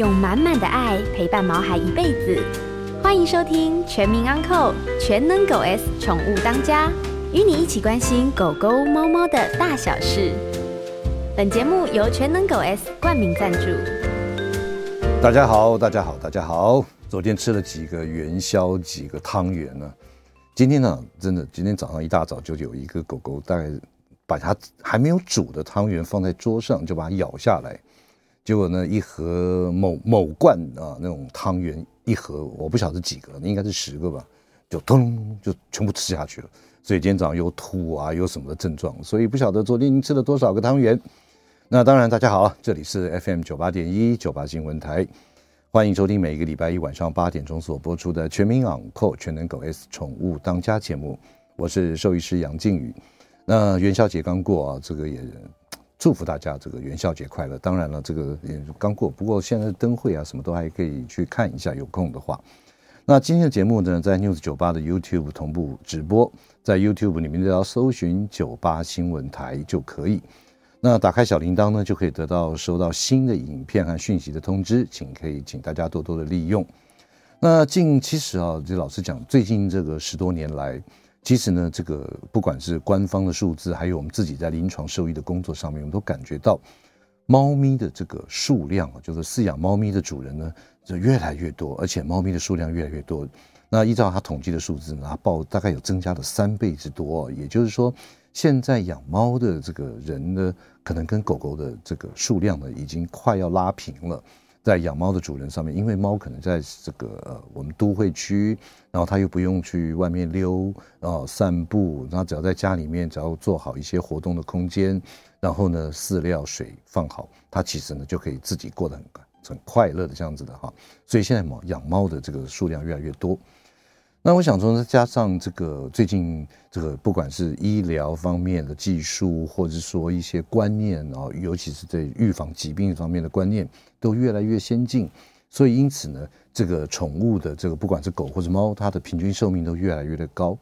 用滿滿的愛陪伴毛孩一輩子。歡迎收聽《全民 Uncle 全能狗 S 寵物當家》，與你一起關心狗狗、貓貓的大小事。本節目由全能狗 S 冠名贊助。大家好，大家好，大家好！昨天吃了幾個元宵，幾個湯圓呢？今天呢、啊，真的，今天早上一大早就有一個狗狗，大概把它還沒有煮的湯圓放在桌上，就把它咬下來。結果呢，一盒某某，某罐啊，那種湯圓一盒，我不曉得幾個，應該是十個吧，就咚就全部吃下去了。所以今天早上有吐啊，有什麼的症狀？所以不曉得昨天您吃了多少個湯圓。那當然，大家好，這裡是 FM 九八點一九八新聞台，歡迎收聽每一個禮拜一晚上八點鐘所播出的《全民養狗全能狗 S 寵物當家》節目，我是獸醫師楊靜宇。那元宵節剛過啊，這個也。祝福大家這個元宵節快樂！當然了，這個也剛過，不過現在燈會啊，什麼都還可以去看一下，有空的話。那今天的節目呢，在 News98 的 YouTube 同步直播，在 YouTube 裡面只要搜尋 “98 新聞台”就可以。那打開小鈴鐺呢，就可以得到收到新的影片和訊息的通知，請可以請大家多多的利用。那近其實啊，這老實講，最近這個十多年來。其實呢，這個不管是官方的數字，還有我們自己在臨床獸醫的工作上面，我們都感覺到，貓咪的這個數量啊，就是飼養貓咪的主人呢，就越來越多，而且貓咪的數量越來越多。那依照他統計的數字呢，他報大概有增加了三倍之多。也就是說，現在養貓的這個人呢，可能跟狗狗的這個數量呢，已經快要拉平了。在養貓的主人上面，因為貓可能在這個，呃，我們都會區，然後它又不用去外面溜然後散步，然後只要在家裡面，只要做好一些活動的空間，然後呢飼料水放好，它其實呢就可以自己過得很很快樂的這樣子的哈，所以現在貓養貓的這個數量越來越多。那我想說，再加上這個最近這個不管是醫療方面的技術，或者是說一些觀念啊，尤其是在預防疾病方面的觀念都越來越先進，所以因此呢，這個寵物的這個不管是狗或者貓，它的平均壽命都越來越的高。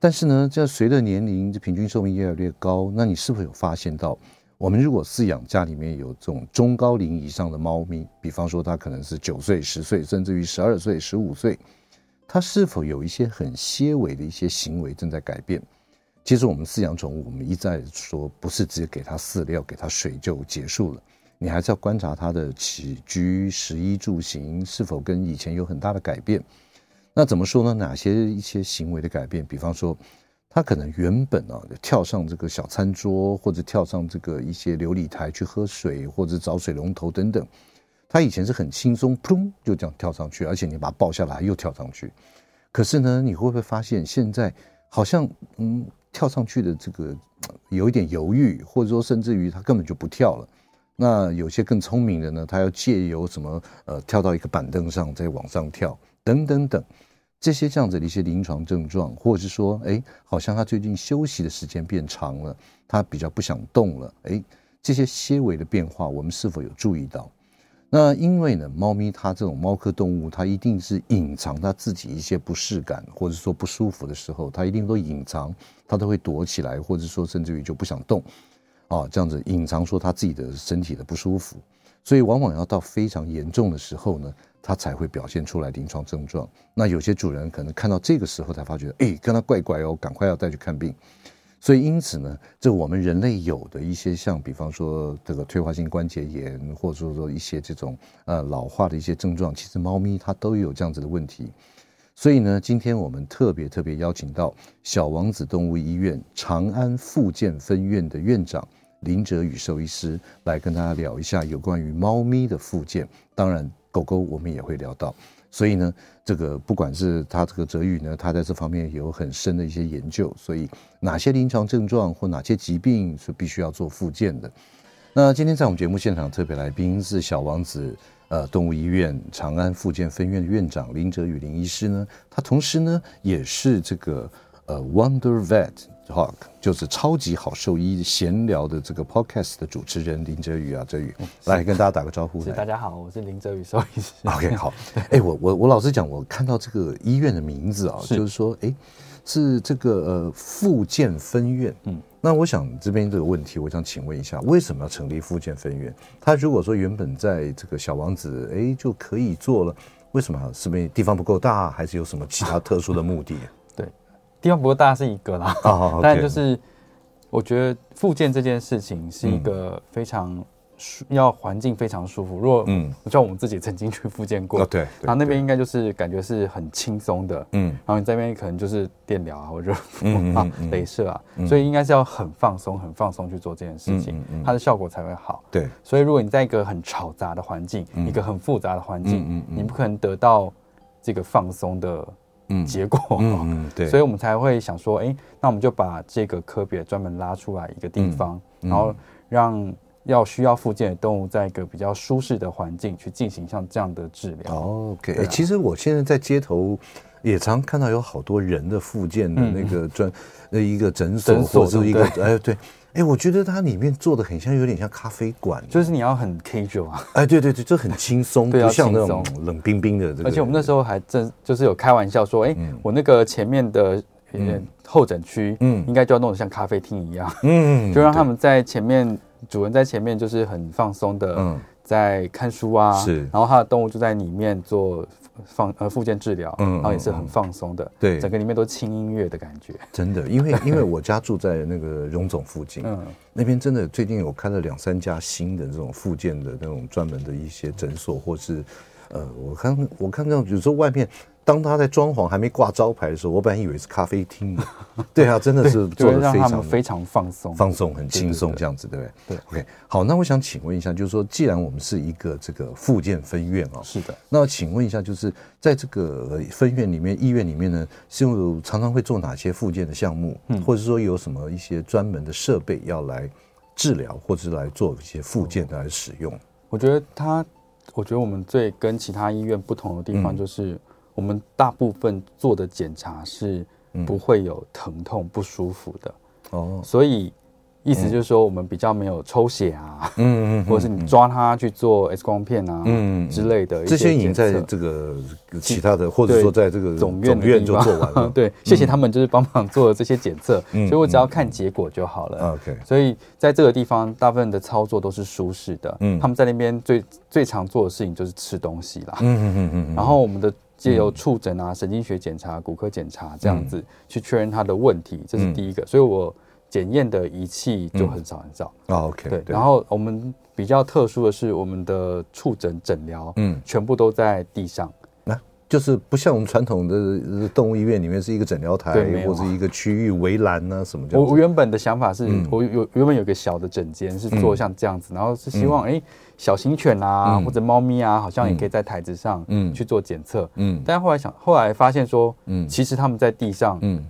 但是呢，這隨着年齡這平均壽命越來越高，那你是否有發現到，我們如果飼養家裡面有這種中高齡以上的貓咪，比方說它可能是九歲、十歲，甚至於十二歲、十五歲。它是否有一些很些微的一些行為正在改變？其實我們飼養寵物，我們一再說，不是只給它飼料、給它水就結束了，你還是要觀察它的起居、食衣住行是否跟以前有很大的改變。那怎麼說呢？哪些一些行為的改變？比方說，它可能原本啊跳上這個小餐桌，或者跳上這個一些流理台去喝水，或者找水龍頭等等。他以前是很輕鬆，噗，就這樣跳上去，而且你把他抱下來又跳上去。可是呢，你會不會發現現在好像嗯跳上去的這個有一點猶豫，或者說甚至於他根本就不跳了。那有些更聰明的呢，他要借由什麼呃跳到一個板凳上再往上跳等等等這些這樣子的一些臨床症狀，或者是說哎好像他最近休息的時間變長了，他比較不想動了，哎這些些微的變化，我們是否有注意到？那因為呢，貓咪它這種貓科動物，它一定是隱藏它自己一些不適感，或者說不舒服的時候，它一定都隱藏，它都會躲起來，或者說甚至於就不想動，啊，這樣子隱藏說它自己的身體的不舒服，所以往往要到非常嚴重的時候呢，它才會表現出來臨床症狀。那有些主人可能看到這個時候才發覺，哎，跟它怪怪哦，趕快要帶去看病。所以因此呢，就我們人類有的一些像，比方說這個退化性關節炎，或者說一些這種呃老化的一些症狀，其實貓咪它都有這樣子的問題。所以呢，今天我們特別特別邀請到小王子動物醫院長安復健分院的院長林哲宇獸醫師來跟大家聊一下有關於貓咪的復健，當然狗狗我們也會聊到。所以呢，這個不管是他這個哲宇呢，他在這方面有很深的一些研究。所以哪些臨床症狀或哪些疾病是必須要做復健的？那今天在我們節目現場特別來賓是小王子，呃，動物醫院長安復健分院的院長林哲宇林醫師呢，他同時呢，也是這個呃 Wondervet。Talk, 就是超級好獸醫閒聊的這個 podcast 的主持人林哲宇啊，哲宇是來跟大家打個招呼是來。大家好，我是林哲宇，獸醫。OK，好。哎對、欸，我我我老實講，我看到這個醫院的名字啊、哦，是就是說，哎、欸，是這個呃復健分院。嗯是，那我想這邊這個問題，我想請問一下，為什麼要成立復健分院？他如果說原本在這個小王子，哎、欸，就可以做了，為什麼、啊？是不是地方不夠大，還是有什麼其他特殊的目的？ 地方不過大是一個啦，但就是我覺得復健這件事情是一個非常舒要環境非常舒服。如果就像我們自己曾經去復健過，對，然後那邊應該就是感覺是很輕鬆的。嗯，然後你這邊可能就是電療啊或者啊雷射啊，所以應該是要很放鬆很放鬆去做這件事情，它的效果才會好。對，所以如果你在一個很吵雜的環境，一個很複雜的環境，你不可能得到這個放鬆的。嗯，結果、哦嗯，嗯，對，所以我們才會想說，哎、欸，那我們就把這個科別專門拉出來一個地方，嗯嗯、然後讓要需要復健的動物在一個比較舒適的環境去進行像這樣的治療。OK，、嗯嗯啊、其實我現在在街頭也常看到有好多人的復健的那個專，嗯、那一個診所或者一個哎對。哎哎、欸，我覺得它裡面做得很像，有點像咖啡館、啊，就是你要很 casual、啊。哎，欸、對對對，這很輕鬆， 對不像那種冷冰冰的、這個。而且我們那時候還真就是有開玩笑說，哎、欸，嗯、我那個前面的候診區，嗯，應該就要弄得像咖啡廳一樣，嗯， 就讓他們在前面，對主人在前面就是很放鬆的，在看書啊，嗯、是，然後他的動物就在裡面做。放呃、復健治療，嗯，然後也是很放鬆的，對、嗯嗯，整個裡面都輕音樂的感覺。對 真的，因為因為我家住在那個榮總附近，嗯，那邊真的最近有開了兩三家新的這種復健的那種專門的一些診所，或是，呃，我看我看到，有時候外面。當他在裝潢還沒掛招牌的時候，我本來以為是咖啡廳。 對啊，真的是做得非常非常放鬆，放鬆很輕鬆這樣子，對不對？對，對？對，對，對，對，OK，好，那我想請問一下，就是說，既然我們是一個這個復健分院哦、喔，是的，那我請問一下，就是在這個分院裡面，醫院裡面呢，是有常常會做哪些復健的項目，嗯、或者是說有什麼一些專門的設備要來治療，或者是來做一些復健的來使用、嗯？我覺得他，我覺得我們最跟其他醫院不同的地方就是、嗯。我們大部分做的檢查是不會有疼痛不舒服的哦，所以意思就是說，我們比較沒有抽血啊，嗯嗯，或者是你抓他去做 X 光片啊，嗯之類的這些已經在這個其他的或者說在這個總院院就做完了，對，謝謝他們就是幫忙做的這些檢測，所以我只要看結果就好了。OK，所以在這個地方大部分的操作都是舒適的。嗯，他們在那邊最最常做的事情就是吃東西啦。嗯嗯嗯嗯，然後我們的。借由觸診啊、神經學檢查、骨科檢查這樣子去確認他的問題，這是第一個。所以我檢驗的儀器就很少很少。OK，對。然後我們比較特殊的是，我們的觸診診療，嗯，全部都在地上。那就是不像我們傳統的動物醫院裡面是一個診療台，或是一個區域圍欄啊什麼的。我我原本的想法是，我有原本有個小的診間是做像這樣子，然後是希望哎。小型犬啊，嗯、或者貓咪啊，好像也可以在台子上去做檢測。嗯，但後來想，後來發現說，嗯，其實他們在地上，嗯，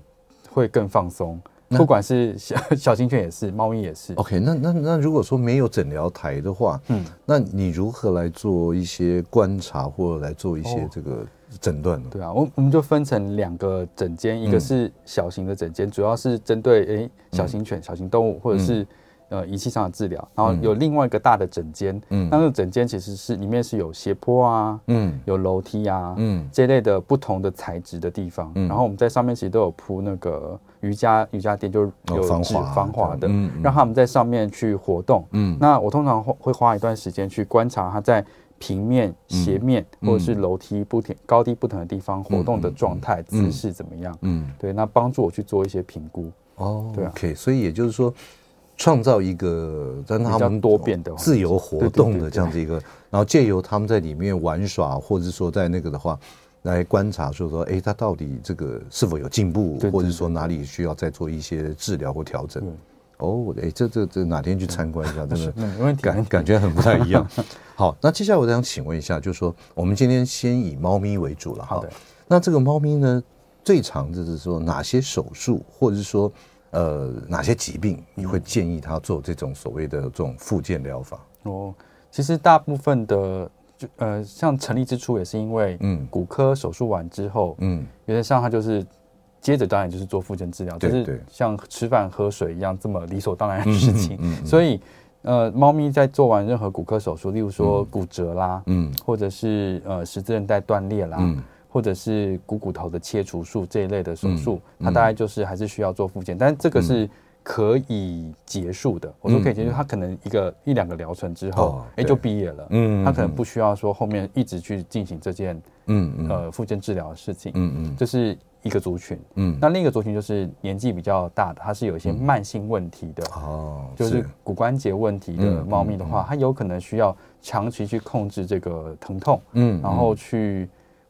會更放鬆。那不管是小小型犬也是，貓咪也是。OK，那那那如果說沒有診療台的話，嗯，那你如何來做一些觀察，或者來做一些這個診斷呢、哦？對啊，我我們就分成兩個診間，一個是小型的診間，主要是針對誒、欸，小型犬、嗯、小型動物，或者是。呃，儀器上的治療，然後有另外一個大的診間，嗯，那個診間其實是裡面是有斜坡啊，嗯，有樓梯啊，嗯，這類的不同的材質的地方，然後我們在上面其實都有鋪那個瑜伽瑜伽墊，就有防滑防滑的，嗯，讓他們在上面去活動，嗯，那我通常會會花一段時間去觀察他在平面、斜面或者是樓梯不同高低不同的地方活動的狀態、姿勢怎麼樣，嗯，對，那幫助我去做一些評估，哦，對啊，可以。所以也就是說。創造一個讓他們自由活動的這樣子一個，然後借由他們在裡面玩耍，或者說在那個的話來觀察，說說哎、欸，他到底這個是否有進步，或者說哪裡需要再做一些治療或調整？哦，哎，這這這哪天去參觀一下，真的，因為感感覺很不太一樣。好，那接下來我想請問一下，就是說我們今天先以貓咪為主了。好，那這個貓咪呢，最常就是說哪些手術，或者是說？呃，哪些疾病你會建議他做這種所謂的這種復健療法？哦，其實大部分的，就呃，像成立之初也是因為，嗯，骨科手術完之後，嗯，有點像它就是接着當然就是做復健治療，就、嗯、是像吃飯喝水一樣這麼理所當然的事情。嗯嗯嗯、所以，呃，貓咪在做完任何骨科手術，例如說骨折啦，嗯，嗯或者是呃十字韌帶斷裂啦，嗯。或者是股骨頭的切除術這一類的手術，它大概就是還是需要做復健，但這個是可以結束的，我說可以結束，它可能一個一兩個療程之後，哎，就畢業了，嗯，它可能不需要說後面一直去進行這件，嗯嗯，呃，復健治療的事情，嗯嗯，這是一個族群，嗯，那另一個族群就是年紀比較大的，它是有一些慢性問題的，哦，就是骨關節問題的貓咪的話，它有可能需要長期去控制這個疼痛，嗯，然後去。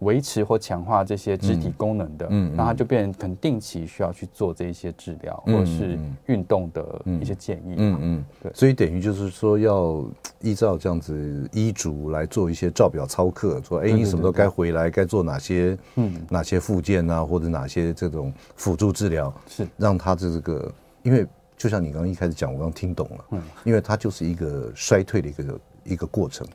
維持或強化這些肢體功能的，嗯嗯嗯、那他就變成很定期需要去做這一些治療，嗯、或者是運動的一些建議嗯。嗯嗯，嗯，所以等於就是說要依照這樣子醫囑來做一些照表操課，說哎，欸、你什麼時候該回來，該做哪些對對對對，哪些復健啊，嗯、或者哪些這種輔助治療，是讓他這個，因為就像你剛剛一開始講，我剛剛聽懂了，嗯，因為它就是一個衰退的一個一個過程，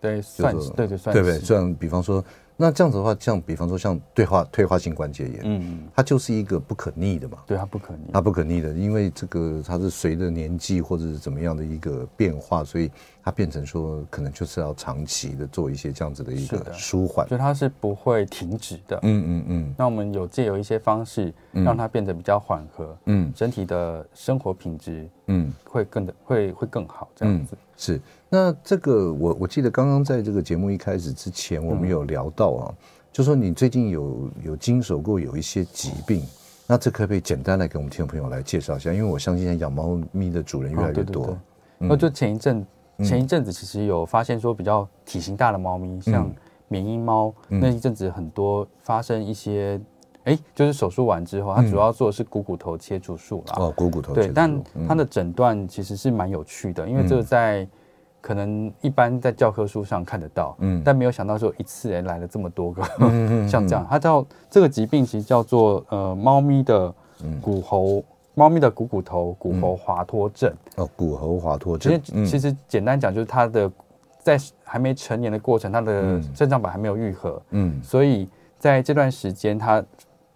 對，對，對，算是對對對對，像比方說。那這樣子的話，像比方說像退化、退化性關節炎，嗯，它就是一個不可逆的嘛，對，它不可逆，它不可逆的，因為這個它是隨着年紀或者是怎麼樣的一個變化，所以。它變成說，可能就是要長期的做一些這樣子的一個舒緩，所以它是不會停止的。嗯嗯嗯。嗯嗯那我們有藉由一些方式，讓它變得比較緩和。嗯，整體的生活品質，嗯，會更的會會更好這樣子。嗯、是。那這個我我記得剛剛在這個節目一開始之前，我們有聊到啊，嗯、就說你最近有有經手過有一些疾病，哦、那這可不可以簡單來給我們聽眾朋友來介紹一下？因為我相信養貓咪的主人越來越多。哦、對,對,對、嗯、那就前一陣。前一陣子其實有發現說比較體型大的貓咪，像緬因貓那一陣子很多發生一些，哎、嗯欸，就是手術完之後，它、嗯、主要做的是股骨,骨頭切除術了。哦，股骨,骨頭切除對，但它的診斷其實是蠻有趣的，嗯、因為這個在可能一般在教科書上看得到，嗯，但沒有想到說一次哎來,來了這麼多個，嗯、 像這樣，它叫這個疾病其實叫做呃貓咪的骨骺。貓咪的股骨，骨頭骨骺滑脫症、嗯、哦，骨骺滑脫症、嗯其，其實簡單講就是它的在還沒成年的過程，它的生長板還沒有愈合，嗯，所以在這段時間它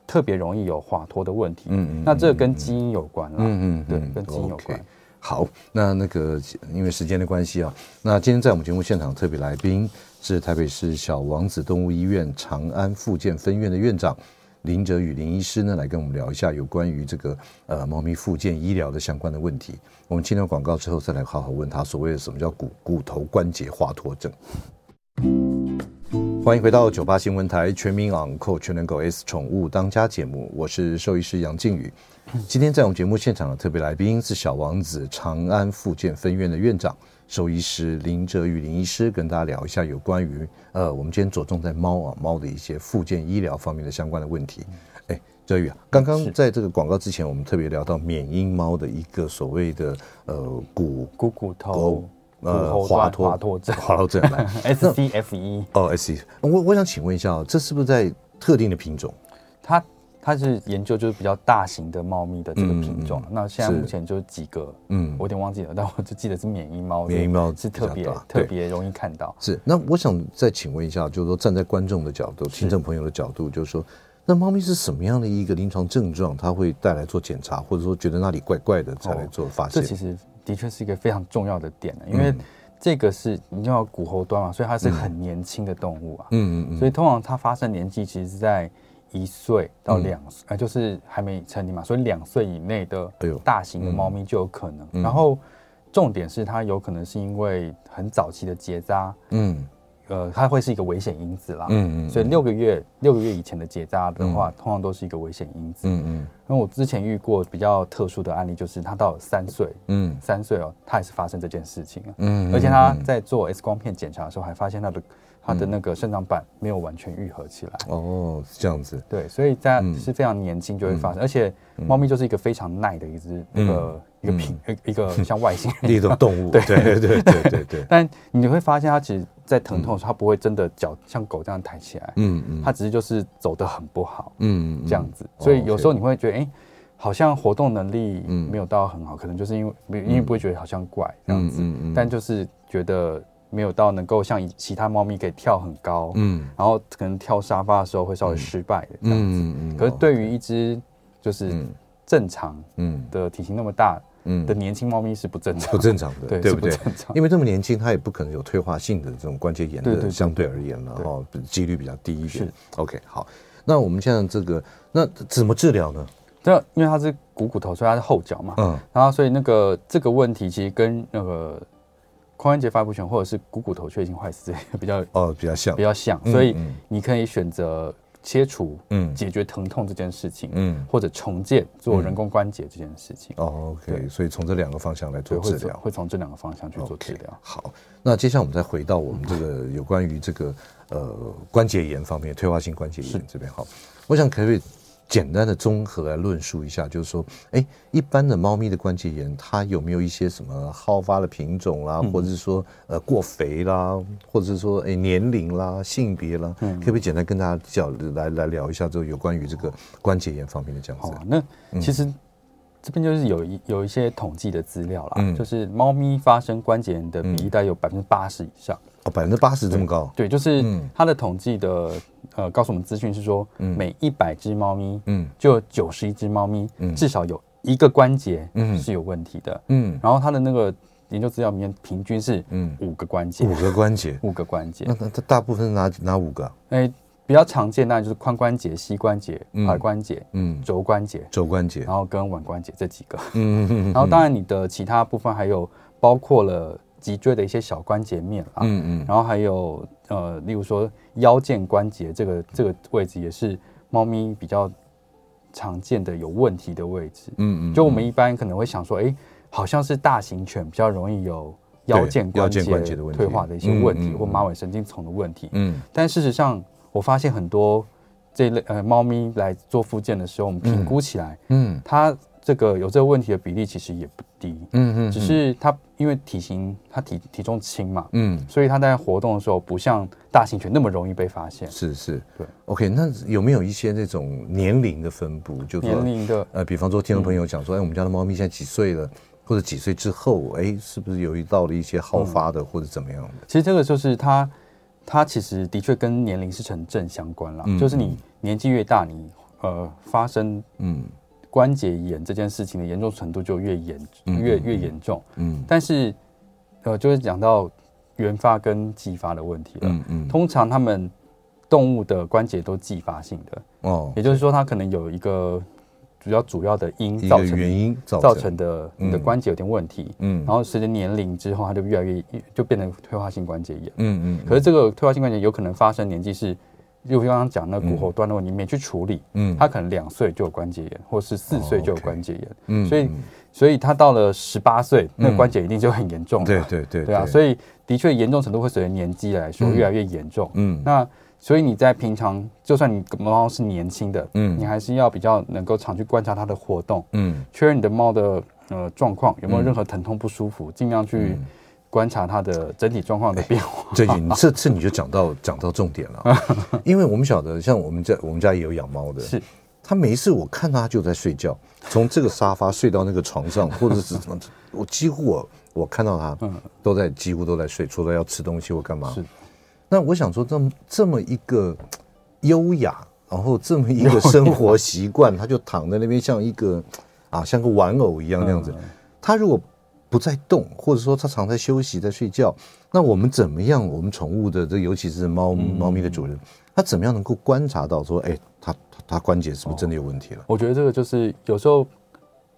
特別容易有滑脫的問題，嗯嗯，嗯嗯那這個跟基因有關啦、嗯，嗯嗯，嗯對，嗯嗯、跟基因有關。Okay. 好，那那個因為時間的關係啊，那今天在我們節目現場特別來賓是台北市小王子動物醫院長安復健分院的院長。林哲宇林醫師呢，來跟我們聊一下有關於這個呃貓咪復健醫療的相關的問題。我們切斷廣告之後，再來好好問他所謂的什麼叫骨骨頭關節滑脫症。 歡迎回到九八新聞台全民養狗全能狗 S 寵物當家節目，我是獸醫師楊靜宇。今天在我們節目現場的特別來賓是小王子長安復健分院的院長。獸醫師林哲宇，林醫師跟大家聊一下有關於呃，我們今天着重在貓啊，貓的一些附件醫療方面的相關的問題。哎、嗯欸，哲宇啊，剛剛在這個廣告之前，我們特別聊到緬因貓的一個所謂的呃骨骨骨頭骨呃骨猴 滑脫脫滑脫症，滑脫症，滑症來 SCFE 哦，SC，、嗯、我我想請問一下，這是不是在特定的品種？它是研究就是比較大型的貓咪的這個品種，嗯、那現在目前就是幾個，嗯，我有點忘記了，但我就記得是緬因貓，緬因貓是特別對特別容易看到。是，那我想再請問一下，就是說站在觀眾的角度、是聽眾朋友的角度，就是說，那貓咪是什麼樣的一個臨床症狀，它會帶來做檢查，或者說覺得那裡怪怪的才來做發現？哦、這其實的確是一個非常重要的點，因為這個是你知道骨骺端嘛，所以它是很年輕的動物啊，嗯嗯嗯，所以通常它發生年紀其實是在。一歲到兩歲，嗯呃，就是還沒成年嘛，所以兩歲以內的大型的貓咪就有可能。嗯嗯、然後重點是，它有可能是因為很早期的結紮，嗯，呃，它會是一個危險因子啦，嗯嗯。嗯，所以六個月、嗯、六個月以前的結紮的話，嗯、通常都是一個危險因子，嗯嗯。因、嗯、我之前遇過比較特殊的案例，就是它到了三歲，嗯，三歲哦，它也是發生這件事情，啊嗯，嗯，而且它在做 X 光片檢查的時候，還發現它的。它的那個生長板沒有完全愈合起來哦，是這樣子對，所以大家是非常年輕就會發生，而且貓咪就是一個非常耐的一隻那個一個品一個像外星人一種動物，對對對對對，但你會發現它其實，在疼痛的時候，它不會真的腳像狗這樣抬起來，嗯嗯，它只是就是走得很不好，嗯這樣子。所以有時候你會覺得，哎，好像活動能力沒有到很好，可能就是因為因為不會覺得好像怪這樣子，但就是覺得。沒有到能夠像其他貓咪可以跳很高，嗯，然後可能跳沙發的時候會稍微失敗的這樣子。嗯，可是對於一隻就是正常的體型那麼大的年輕貓咪是不正常，不正常的，對不對？因為這麼年輕，它也不可能有退化性的這種關節炎的，相對而言，然後幾率比較低一點。是 OK，好。那我們現在這個，那怎麼治療呢？因為它是股骨頭，所以它是後腳嘛，嗯，然後所以那個這個問題其實跟那個。髖關節發育不全或者是股骨頭缺血性壞死比較哦，比較像比較像，較像嗯、所以你可以選擇切除嗯，解決疼痛這件事情嗯，或者重建做人工關節這件事情、嗯、哦 OK，對所以從這兩個方向來做治療，會從這兩個方向去做治療。Okay, 好，那接下來我們再回到我們這個有關於這個、嗯、呃關節炎方面退化性關節炎這邊哈是，我想可，不可以。簡單的綜合來論述一下，就是說，哎、欸，一般的貓咪的關節炎，它有沒有一些什麼好發的品種啦，嗯、或者是說，呃，過肥啦，或者是說，哎、欸，年齡啦，性別啦，可不、嗯、可以簡單跟大家講，來來聊一下，就有關於這個關節炎方面的這樣子？哦、那、嗯、其實這邊就是有一有一些統計的資料啦，嗯、就是貓咪發生關節炎的比例大概有百分之八十以上，哦，百分之八十這麼高對，對，就是它的統計的。呃，告訴我們資訊是說，每一百隻貓咪，嗯，就九十一隻貓咪，嗯，至少有一個關節，嗯，是有問題的，嗯。然後它的那個研究資料裡面，平均是，嗯，五個關節，五個關節，五個關節。那那它大部分是哪哪五個？欸，比較常見的就是髖關節、膝關節、踝關節，嗯，肘關節、肘關節，然後跟腕關節這幾個，嗯嗯嗯。然後當然你的其他部分還有包括了脊椎的一些小關節面啊，嗯嗯，然後還有。呃，例如說腰薦關節這個這個位置也是貓咪比較常見的有問題的位置。嗯嗯，嗯，就我們一般可能會想說，哎、欸，好像是大型犬比較容易有腰薦關節退化的一些問題，嗯嗯、或馬尾神經叢的問題。嗯，嗯，但事實上，我發現很多這類呃貓咪來做復健的時候，我們評估起來，嗯，嗯，它。這個有這個問題的比例其實也不低，嗯嗯，只是它因為體型它體體重輕嘛，嗯，所以它在活動的時候不像大型犬那麼容易被發現。是是，對。OK，那有沒有一些那種年齡的分布？就年齡的呃，比方說聽眾朋友講說，嗯、哎，我們家的貓咪現在幾歲了，或者幾歲之後，哎，是不是有遇到了一些好發的、嗯、或者怎麼樣？其實這個就是它，它其實的確跟年齡是成正相關了，嗯嗯，就是你年紀越大你，你呃發生嗯。關節炎這件事情的嚴重程度就越嚴越越嚴重，嗯，但是呃，就是講到原發跟繼發的問題了，嗯嗯，通常他們動物的關節都繼發性的，哦，也就是說它可能有一個主要主要的因造成原因造成的，你的關節有點問題，嗯，然後隨着年齡之後，它就越來越就變成退化性關節炎，嗯嗯，可是這個退化性關節炎有可能發生年紀是。就我剛剛講那骨骺端的問題，你沒去處理，嗯，它可能兩歲就有關節炎，或是四歲就有關節炎，嗯，所以所以它到了十八歲，那關節一定就很嚴重了，對對對，對啊，所以的確嚴重程度會隨着年紀來說越來越嚴重，嗯，那所以你在平常就算你的貓是年輕的，嗯，你還是要比較能夠常去觀察它的活動，嗯，確認你的貓的呃狀況有沒有任何疼痛不舒服，儘量去。觀察它的整體狀況的變化，哎、這你這次你就講到 講到重點了，因為我們曉得，像我們家我們家也有養貓的，是，他每一次我看他就在睡覺，從這個沙發睡到那個床上，或者是什麼，我幾乎我我看到他，嗯，都在幾乎都在睡，除了要吃東西或幹嘛，是。那我想說這，這麼這麼一個優雅，然後這麼一個生活習慣，他就躺在那邊像一個啊，像個玩偶一樣那樣子，嗯、他如果。不再動，或者說他常在休息，在睡覺。那我們怎麼樣？我們寵物的，這尤其是貓貓咪的主人，他怎麼樣能夠觀察到說，哎、欸，他它，它關節是不是真的有問題了？哦、我覺得這個就是有時候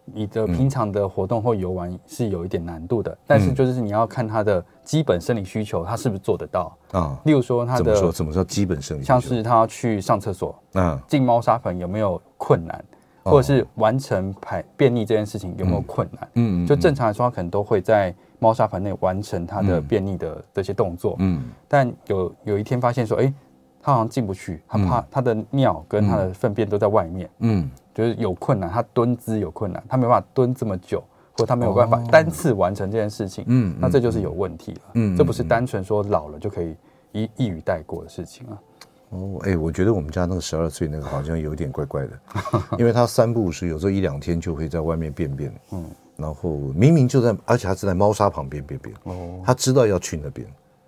你的平常的活動或遊玩是有一點難度的，嗯、但是就是你要看他的基本生理需求，他是不是做得到啊？哦、例如說他的怎麼說，怎麼說基本生理需求，像是他去上廁所，進貓砂盆有沒有困難？或者是完成排便溺這件事情有沒有困難？嗯，嗯嗯就正常來說，它可能都會在貓砂盆內完成它的便溺的這些動作。嗯，嗯但有有一天發現說，哎、欸，它好像進不去，它怕它的尿跟它的糞便都在外面。嗯，就是有困難，它蹲姿有困難，它沒辦法蹲這麼久，或者它沒有辦法單次完成這件事情。嗯，嗯那這就是有問題了。嗯，嗯這不是單純說老了就可以一一語帶過的事情啊。哦，哎，我覺得我們家那個十二歲那個好像有點怪怪的，因為他三不五時有時候一兩天就會在外面便便，嗯，然後明明就在，而且他是在貓砂旁邊便便，哦，他知道要去那邊，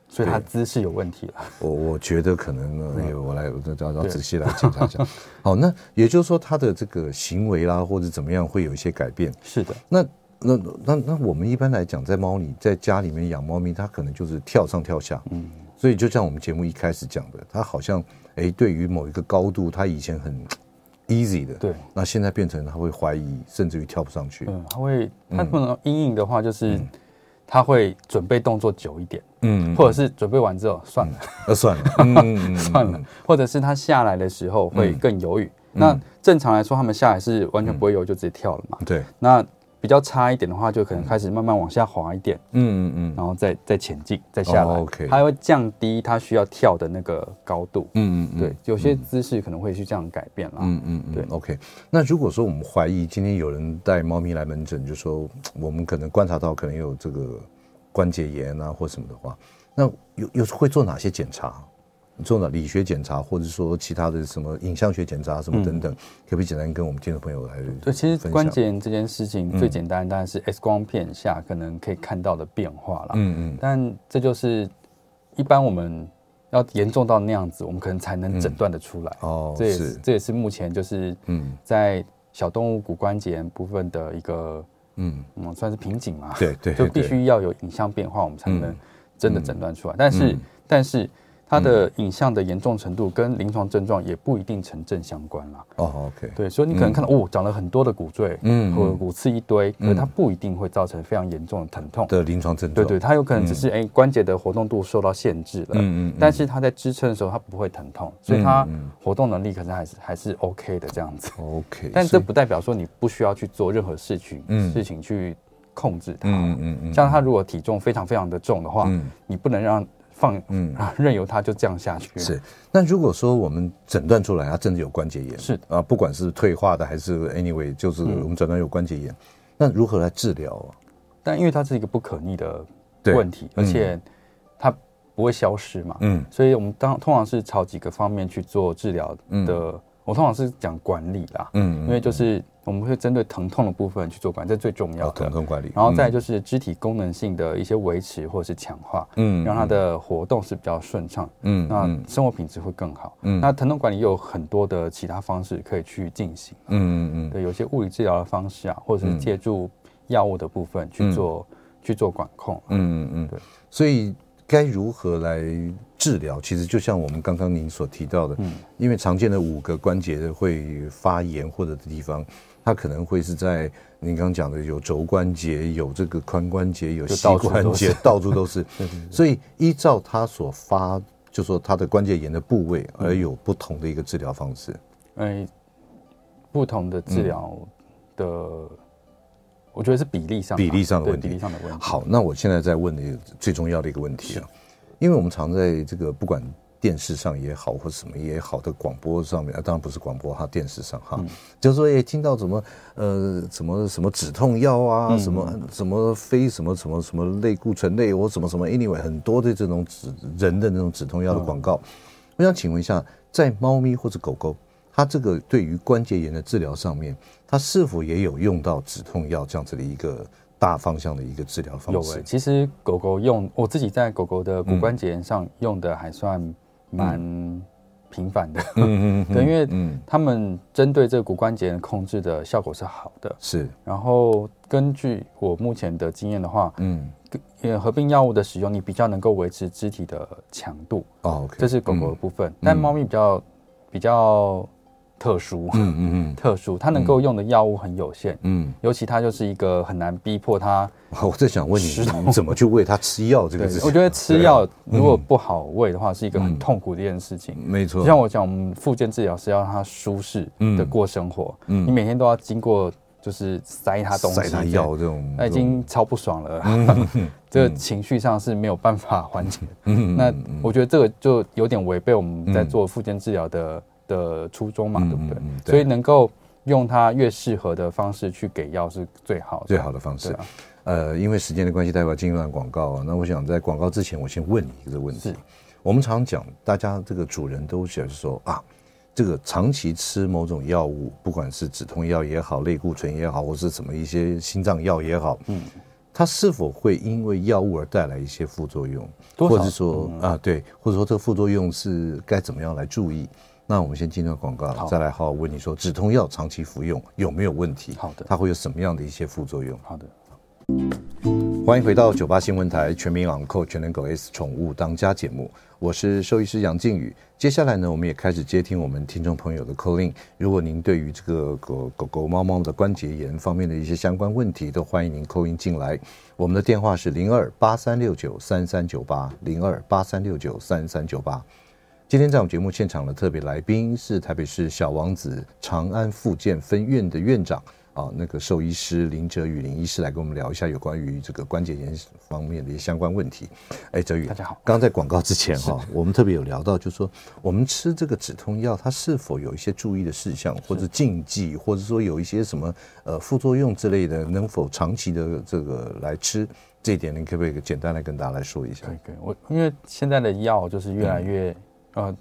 所以他姿勢有問題了。我我覺得可能，哎，我來，我再找找仔細來檢查一下。好，那也就是說他的這個行為啦，或者怎麼樣會有一些改變。是的，那那那那我們一般來講，在貓裡，在家裡面養貓咪，它可能就是跳上跳下，嗯。所以就像我們節目一開始講的，他好像哎、欸，對於某一個高度，他以前很 easy 的，對，那現在變成他會懷疑，甚至於跳不上去。嗯，他會，他不能陰影的話就是他、嗯、會準備動作久一點，嗯，或者是準備完之後、嗯、算了，那、嗯、呵算了，嗯、 算了，或者是他下來的時候會更猶豫。嗯、那正常來說，他們下來是完全不會猶豫，就直接跳了嘛。嗯、對，那。比較差一點的話，就可能開始慢慢往下滑一點，嗯嗯嗯，嗯嗯然後再再前進，再下來，哦 okay，它會降低它需要跳的那個高度，嗯嗯，嗯嗯對，有些姿勢可能會去這樣改變了、嗯，嗯嗯嗯，對，OK。那如果說我們懷疑今天有人帶貓咪來門診，就說我們可能觀察到可能有這個關節炎啊或什麼的話，那有有,有會做哪些檢查？做了理學檢查，或者說其他的什麼影像學檢查，什麼等等，可不可以簡單跟我們見的朋友來？對，其實關節炎這件事情最簡單，當然是 X 光片下可能可以看到的變化了。嗯嗯。但這就是一般我們要嚴重到那樣子，我們可能才能診斷的出來。哦，這也是這也是目前就是嗯，在小動物骨關節部分的一個嗯嗯算是瓶頸嘛。對對。就必須要有影像變化，我們才能真的診斷出來。但是但是。它的影像的嚴重程度跟臨床症狀也不一定成正相關啦。哦，OK。對，所以你可能看到哦，長了很多的骨贅，嗯，或者骨刺一堆，可是它不一定會造成非常嚴重的疼痛的臨床症狀。對對，它有可能只是哎，關節的活動度受到限制了。嗯嗯。但是它在支撐的時候，它不會疼痛，所以它活動能力可能還是還是 OK 的這樣子。OK。但這不代表說你不需要去做任何事情事情去控制它。嗯嗯嗯。像它如果體重非常非常的重的話，你不能讓。放嗯啊，任由它就這樣下去。是，那如果說我們診斷出來它真的有關節炎，嗯、是啊，不管是退化的還是 anyway，就是我們診斷有關節炎，那、嗯、如何來治療、啊、但因為它是一個不可逆的問題，嗯、而且它不會消失嘛，嗯，所以我們當通常是朝幾個方面去做治療的。嗯、我通常是講管理啦，嗯、嗯、嗯，因為就是。我們會針對疼痛的部分去做管理，這是最重要的、哦。疼痛管理。然後再就是肢體功能性的一些維持或者是強化，嗯，嗯，讓他的活動是比較順暢，嗯，那、嗯、生活品質會更好。嗯，那疼痛管理也有很多的其他方式可以去進行，嗯嗯，對，有些物理治療的方式啊，或者是借助藥物的部分去做、嗯、去做管控，嗯嗯，對。所以該如何來治療？其實就像我們剛剛您所提到的，嗯，因為常見的五個關節會發炎或者的地方。它可能會是在你剛剛講的有肘關節、有這個髖關節、有膝關節，到處都是。 所以依照它所發，就是說它的關節炎的部位而有不同的一個治療方式。嗯、不同的治療的，我覺得是比例上的、嗯、比例上的問題。比例上的問題。好，那我現在在問的最重要的一個問題、啊、因為我們常在這個不管。電視上也好，或者什麼也好的廣播上面啊，當然不是廣播哈、啊，電視上哈，嗯、就是說也、欸、聽到什麼呃什麼什麼止痛藥啊、嗯什，什麼什麼非什麼什麼什麼類固醇類或什麼什麼，anyway 很多的這種止人的那種止痛藥的廣告。嗯、我想請問一下，在貓咪或者狗狗，它這個對於關節炎的治療上面，它是否也有用到止痛藥這樣子的一個大方向的一個治療方式？有，其實狗狗用我自己在狗狗的骨關節炎上用的還算。嗯蠻頻繁的，嗯嗯，對、嗯，嗯、因為嗯，他們針對這個骨關節控制的效果是好的，是。然後根據我目前的經驗的話，嗯，合併藥物的使用，你比較能夠維持肢體的強度，哦，okay, 這是狗狗的部分，嗯、但貓咪比較、嗯、比較。特殊，嗯嗯嗯，特殊，他能夠用的藥物很有限，嗯，尤其他就是一個很難逼迫他。我在想問你，你怎麼去餵他吃藥？這個事情？我覺得吃藥如果不好餵的話，是一個很痛苦的一件事情。沒錯，就像我講，我們復健治療是要讓他舒適的過生活。嗯，你每天都要經過，就是塞他東西、塞他藥這種，那已經超不爽了。這個情緒上是沒有辦法緩解。那我覺得這個就有點違背我們在做復健治療的的初衷嘛，對不對？嗯嗯嗯、所以能夠用它越適合的方式去給藥是最好的對、啊、最好的方式。對啊、呃，因為時間的關係，代表進入了廣告啊。那我想在廣告之前，我先問你一個問題：是 我們常講，大家這個主人都想說啊，這個長期吃某種藥物，不管是止痛藥也好，類固醇也好，或是什麼一些心臟藥也好，嗯，它是否會因為藥物而帶來一些副作用？多少 或者說啊，嗯、對，或者說這個副作用是該怎麼樣來注意？那我們先進段廣告，再來好好問你說，止痛藥長期服用好有沒有問題？好的，它會有什麼樣的一些副作用？好的，歡迎回到九八新聞台《全民昂狗全能狗 S 寵物當家》節目，我是獸醫師楊靜宇。接下來呢，我們也開始接聽我們聽眾朋友的 call in, 如果您對於這個狗狗狗、貓貓的關節炎方面的一些相關問題，都歡迎您 call in 進來。我們的電話是零二八三六九三三九八零二八三六九三三九八。今天在我們節目現場的特別來賓是台北市小王子長安附建復健分院的院長啊，那個獸醫師林哲宇林醫師來跟我們聊一下有關於這個關節炎方面的一些相關問題。哎，哲宇，大家好。剛在廣告之前哈，我們特別有聊到，就是說我們吃這個止痛藥，它是否有一些注意的事項或者禁忌，或者說有一些什麼呃副作用之類的，能否長期的這個來吃？這一點您可不可以簡單來跟大家來說一下？對，對，對，對我因為現在的藥就是越來越。呃，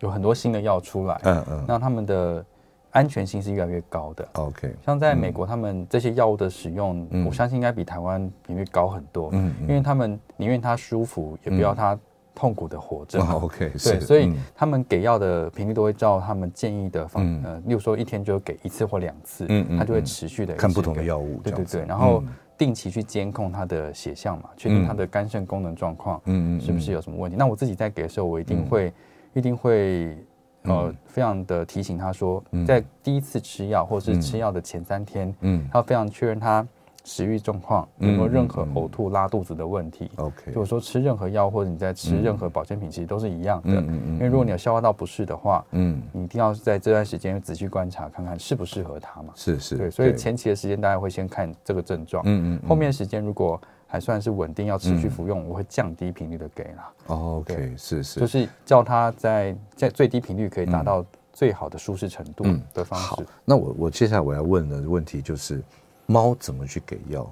有很多新的藥出來，嗯嗯，那他們的安全性是越來越高的。OK，像在美國，他們這些藥物的使用，我相信應該比台灣頻率高很多，嗯，因為他們寧願他舒服，也不要他痛苦的活着。OK，對，所以他們給藥的頻率都會照他們建議的方，呃，例如說一天就給一次或兩次，嗯他就會持續的看不同的藥物，對對對，然後定期去監控他的血象嘛，確定他的肝腎功能狀況，嗯，是不是有什麼問題？那我自己在給的時候，我一定會。一定會呃，非常的提醒他說，嗯、在第一次吃藥或者是吃藥的前三天，嗯，他非常確認他食欲狀況有沒有任何嘔吐、拉肚子的問題。就是、嗯嗯、說吃任何藥或者你在吃任何保健品，嗯、其實都是一樣的。嗯嗯。嗯嗯，因為如果你有消化道不適的話，嗯，你一定要在這段時間仔細觀察，看看適不適合他嘛。是是。對，所以前期的時間，大家會先看這個症狀、嗯。嗯嗯。後面時間如果。還算是穩定，要持續服用，我會降低頻率的給了。哦，OK，是是，就是叫它在在最低頻率可以達到最好的舒適程度的方式。好，那我我接下來我要問的問題就是，貓怎麼去給藥？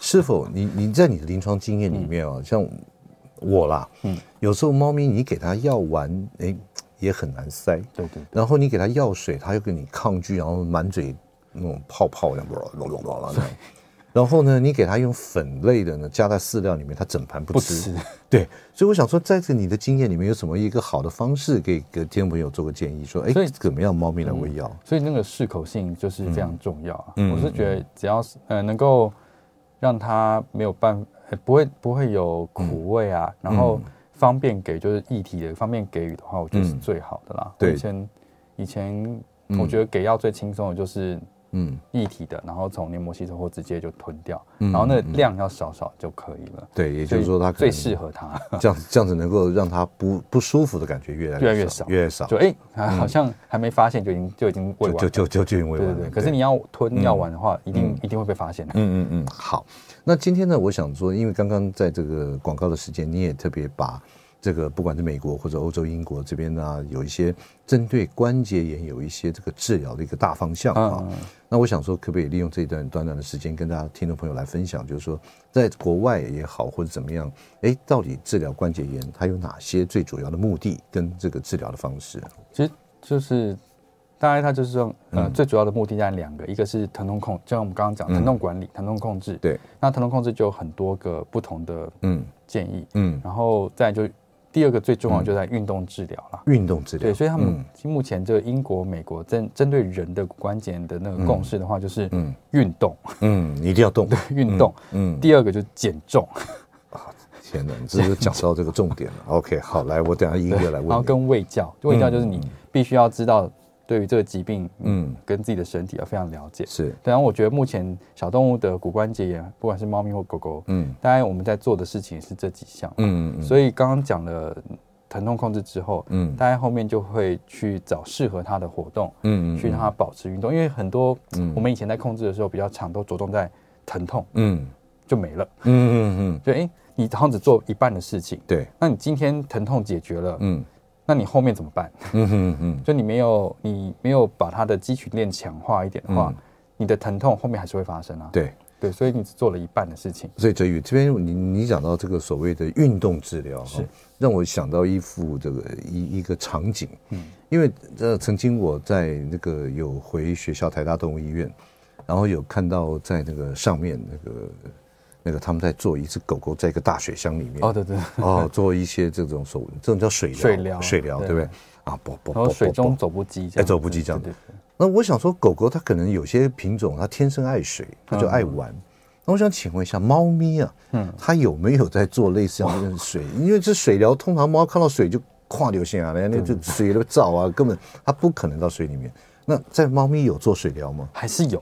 是否你你在你的臨床經驗裡面啊，像我啦，嗯，有時候貓咪你給它藥丸，哎，也很難塞。對對。然後你給它藥水，它又跟你抗拒，然後滿嘴那種泡泡，那不知道。然後呢，你給它用粉類的呢，加在飼料裡面，它整盤不吃。不吃對，所以我想說，在這你的經驗裡面，有什麼一個好的方式給、給聽眾朋友做個建議？說，哎，所以怎麼樣貓咪來餵藥、嗯？所以那個適口性就是非常重要啊。嗯、我是覺得，只要是呃能夠讓它沒有辦、呃、不會不會有苦味啊，嗯、然後方便給就是液體的方便給予的話，我覺得是最好的啦。嗯、對，以前以前我覺得給藥最輕鬆的就是。嗯，液體的，然後從黏膜吸收或直接就吞掉，然後那量要少少就可以了。對，也就是說它最適合它，這樣子這樣子能夠讓它不不舒服的感覺越來越少，越少，越少。就哎，好像還沒發現就已經就已經餵完，就就就已經餵完。對對對。可是你要吞藥丸的話，一定一定會被發現的。嗯嗯嗯。好，那今天呢，我想說，因為剛剛在這個廣告的時間，你也特別把。這個不管是美國或者歐洲、英國這邊呢、啊，有一些針對關節炎有一些這個治療的一個大方向啊。嗯嗯、那我想說，可不可以利用這段短短的時間跟大家聽眾朋友來分享，就是說在國外也好或者怎麼樣，哎，到底治療關節炎它有哪些最主要的目的跟這個治療的方式？其實就是，大概它就是說，呃，最主要的目的在兩個，一個是疼痛控，就像我們剛剛講疼痛管理、嗯、疼痛控制，對。那疼痛控制就有很多個不同的嗯建議嗯，然後再就。第二個最重要的就是在運動治療了，嗯，運動治療。對，所以他們目前這個英國、美國針針、嗯、對人的關節的那個共識的話，就是運動嗯，嗯，你一定要動，運 動嗯，嗯。第二個就是減重。啊，天哪，你這是講到這個重點了。 OK，好，來，我等一下一個來問，然後跟衛教，衛教就是你必須要知道，對於這個疾病，嗯，跟自己的身體要非常了解。嗯、是，然後，我覺得目前小動物的骨關節炎，不管是貓咪或狗狗，嗯，大概我們在做的事情是這幾項，嗯、嗯、嗯，所以剛剛講了疼痛控制之後，嗯，大概後面就會去找適合它的活動，嗯、嗯、嗯、嗯，去讓它保持運動，因為很多我們以前在控制的時候比較常都着重在疼痛，嗯，就沒了，嗯嗯嗯，就哎，你好像只做一半的事情，對，那你今天疼痛解決了，嗯。那你後面怎麼辦？嗯哼哼， 就你沒有你沒有把它的肌群鏈強化一點的話，嗯、你的疼痛後面還是會發生啊。對對，所以你只做了一半的事情。所以哲宇這邊，你你講到這個所謂的運動治療，是、哦、讓我想到一幅這個一個一個場景。嗯，因為、呃、曾經我在那個有回學校台大動物醫院，然後有看到在那個上面那個。那個他們在做一隻狗狗在一個大水箱裡面哦，對對，對哦，做一些這種手這種叫水水療水療對不對，吧對啊？不不不不水中走步機，哎走步機這樣那我想說，狗狗它可能有些品種它天生愛水，它就愛玩。嗯嗯那我想請問一下，貓咪啊，嗯，它有沒有在做類似這樣的水？嗯、因為這水療通常貓看到水就狂流涎啊，那那這水的澡啊，根本它不可能到水裡面。那在貓咪有做水療嗎？還是有，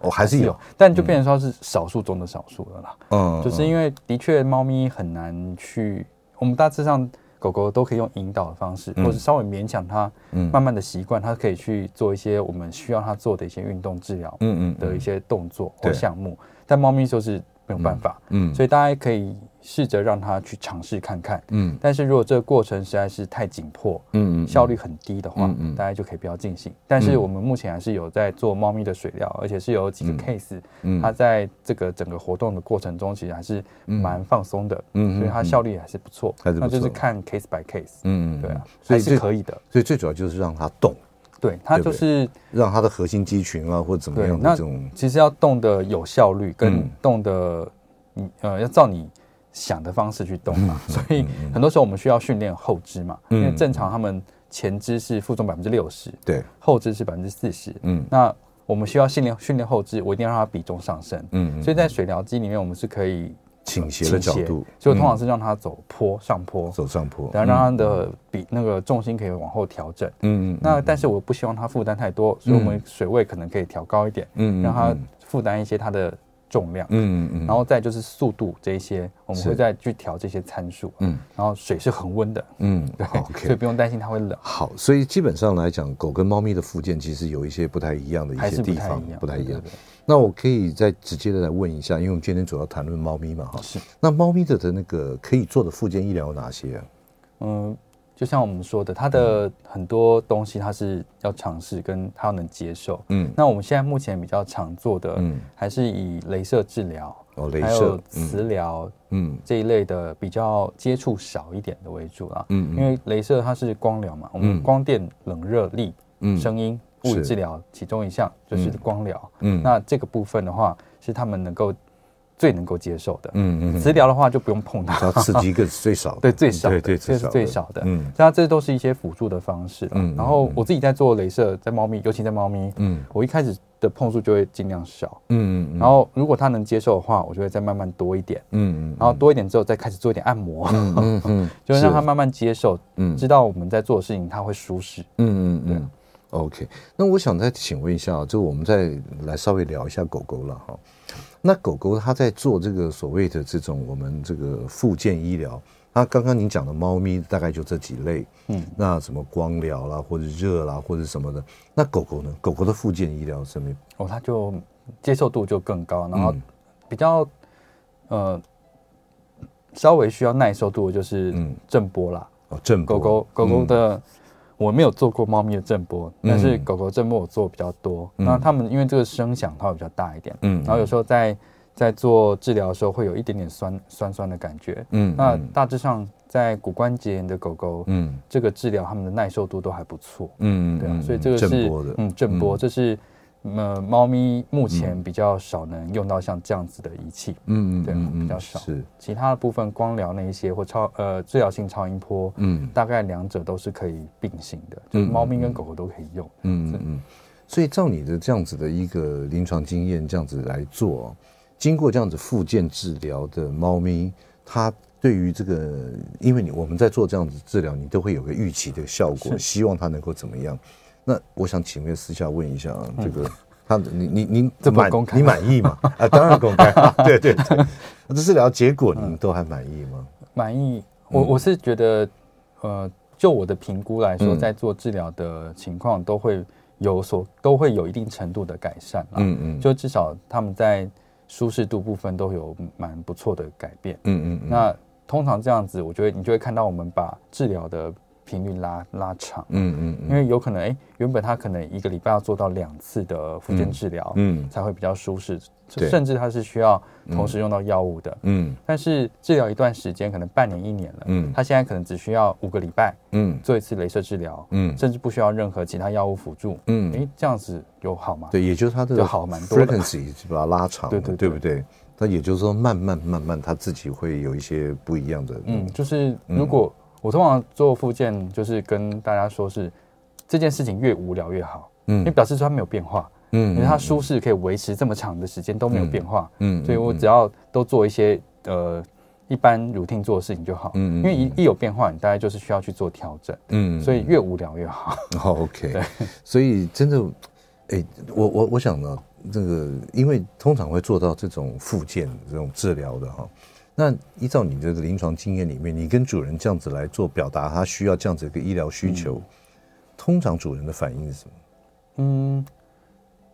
哦，還是有， 但就變成說是少數中的少數了啦。嗯，就是因為的確貓咪很難去，我們大致上狗狗都可以用引導的方式，或者稍微勉強它，慢慢的習慣，它可以去做一些我們需要它做的一些運動治療，嗯嗯的一些動作或項目，但貓咪就是沒有辦法，嗯，所以大家可以。試着讓他去嘗試看看，嗯，但是如果這個過程實在是太緊迫，嗯，效率很低的話，嗯，大家就可以不要進行。但是我們目前還是有在做貓咪的水療，而且是有幾個 case，嗯，它在這個整個活動的過程中，其實還是蠻放鬆的，嗯，所以它效率還是不錯，還是不錯。那就是看 case by case，嗯，對啊，還是可以的。所以最主要就是讓它動，對，它就是讓它的核心肌群啊，或怎麼樣那種，其實要動的有效率，跟動的，嗯、呃，要照你。想的方式去動嘛，所以很多時候我們需要訓練後肢嘛，因為正常他們前肢是負重百分之六十，對，後肢是百分之四十，嗯，那我們需要訓練訓練後肢，我一定要讓它比重上升，嗯，所以在水療機裡面我們是可以傾斜的角度。所以通常是讓它走坡上坡，走上坡，然後讓它的比那個重心可以往後調整，嗯嗯，那但是我不希望它負擔太多，所以我們水位可能可以調高一點，嗯，讓它負擔一些它的。重量，嗯嗯嗯，嗯然後再就是速度這一些，是我們會再去調這些參數，啊，嗯，然後水是恆溫的，嗯對，OK，所以不用擔心它會冷。好，所以基本上來講，狗跟貓咪的復健，其實有一些不太一樣的一些地方，不太一樣。那我可以再直接的來問一下，因為我們今天主要談論貓咪嘛，哈，是。那貓咪的的那個可以做的復健醫療有哪些啊？嗯。就像我們說的，它的很多東西它是要嘗試，跟它要能接受。嗯，那我們現在目前比較常做的，還是以雷射治療，哦、雷射、還有磁療，嗯，這一類的比較接觸少一點的為主啊、嗯。嗯，嗯因為雷射它是光療嘛，我們光電冷熱、冷熱力、嗯，聲音、物理治療其中一項就是光療。嗯，那這個部分的話是他們能夠。最能夠接受的，嗯嗯，磁療的話就不用碰它，只要刺激一個最少的，對最少的，最少，最少的，嗯，那這都是一些輔助的方式，嗯，然後我自己在做雷射，在貓咪，尤其在貓咪，嗯，我一開始的碰觸就會盡量少，嗯嗯，然後如果它能接受的話，我就會再慢慢多一點，嗯嗯，然後多一點之後再開始做一點按摩，嗯嗯就是讓它慢慢接受，嗯，知道我們在做的事情它會舒適，嗯嗯嗯，對，OK，那我想再請問一下，就我們再來稍微聊一下狗狗了哈。那狗狗它在做這個所謂的這種我們這個復健醫療，那剛剛您講的貓咪大概就這幾類，嗯，那什麼光療啦，或者熱啦，或者什麼的，那狗狗呢？狗狗的復健醫療上面哦，它就接受度就更高，然後比較呃稍微需要耐受度就是正嗯，震波啦哦，震波狗狗，狗狗狗狗的、嗯。我沒有做過貓咪的震波，但是狗狗震波我做的比較多。嗯、那他們因為這個聲響它會比較大一點，嗯，然後有時候在在做治療的時候會有一點點酸酸酸的感覺，嗯，那大致上在骨關節炎的狗狗，嗯，這個治療他們的耐受度都還不錯，嗯，對啊，所以這個是嗯震波，嗯、這是。那貓、嗯、咪目前比較少能用到像這樣子的儀器，嗯嗯，對，比較少。嗯、是其他的部分光療那一些或超呃治療性超音波，嗯，大概兩者都是可以並行的，嗯、就是貓咪跟狗狗都可以用。嗯嗯是嗯。所以照你的這樣子的一個臨床經驗，這樣子來做，經過這樣子復健治療的貓咪，它對於這個，因為你我們在做這樣子治療，你都會有個預期的效果，是希望它能夠怎麼樣？那我想請問，私下問一下這個他，你你，你滿、嗯、這不公開，你滿意嗎？ 啊，當然公開， 對對對，這治療結果，你們都還滿意嗎？嗯，滿意，我我是覺得，呃，就我的評估來說，在做治療的情況都會有所，都會有一定程度的改善，嗯，嗯嗯，就至少他們在舒適度部分都有蠻不錯的改變，嗯嗯，嗯嗯，那通常這樣子，我覺得你就會看到我們把治療的。頻率拉拉長，嗯嗯，因為有可能，哎，原本他可能一個禮拜要做到兩次的復健治療，嗯，才會比較舒適，對，甚至他是需要同時用到藥物的，嗯，但是治療一段時間，可能半年一年了，嗯，他現在可能只需要五個禮拜，嗯，做一次雷射治療，嗯，甚至不需要任何其他藥物輔助，嗯，哎，這樣子有好嗎？對，也就是他的就好蠻多，frequency 是把它拉長，對對對，對不對？那也就是說，慢慢慢慢，他自己會有一些不一樣的，嗯，就是如果。我通常做復健，就是跟大家說，是這件事情越無聊越好，嗯，因為表示說它沒有變化，嗯，因為它舒適可以維持這麼長的時間都沒有變化，嗯，所以我只要都做一些、嗯、呃一般 routine 做的事情就好，嗯，因為一一有變化，你大概就是需要去做調整，嗯，所以越無聊越好，好、嗯、對，OK，所以真的，哎、欸，我我我想呢、啊，這個因為通常會做到這種復健這種治療的哈。那依照你這個臨床經驗裡面，你跟主人這樣子來做表達，他需要這樣子一個醫療需求，嗯、通常主人的反應是什麼？嗯，